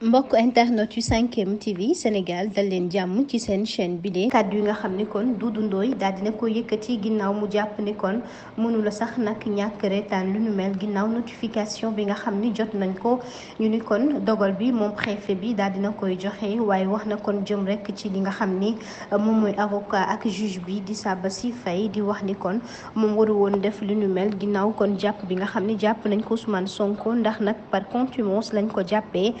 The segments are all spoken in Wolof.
mbokk internet yu 5M TV Sénégal dal leen jàmm ci seen chaîne bi de kàddu yi nga xam ni kon Doudou dundooy daal dina ko yëkkati ginnaaw mu jàpp ni kon mënula sax nag ñàkk reetaan lu nu mel ginnaaw notification bi nga xam ni jot nañ ko ñu ni kon dogal bi moom préfet bi daal dina koy joxe waaye wax na kon jëm rek ci li nga xam ni moom mooy avocat ak juge bi di si Faye di wax ni kon moom waru woon def lu nu mel ginnaaw kon jàpp bi nga xam ni jàpp nañ ko Ousmane Sonko ndax nag par contumace lañ ko jàppee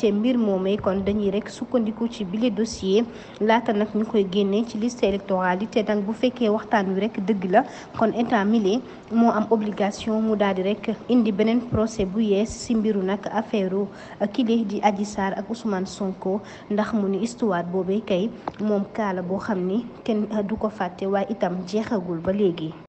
te mbir moomee kon dañuy rek sukkandiku ci bile dossier laata nag ñu koy génnee ci liste électorale yi te nag bu fekkee waxtaan wi rek dëgg la kon état mili moo am obligation mu daal di rek indi beneen procès bu yees si mbiru nag affaire euh, kile di Adji Sarr ak Ousmane Sonko ndax mu ni histoire boobee kay moom kaala boo xam ni kenn euh, du ko fàtte waaye itam jeexagul ba léegi.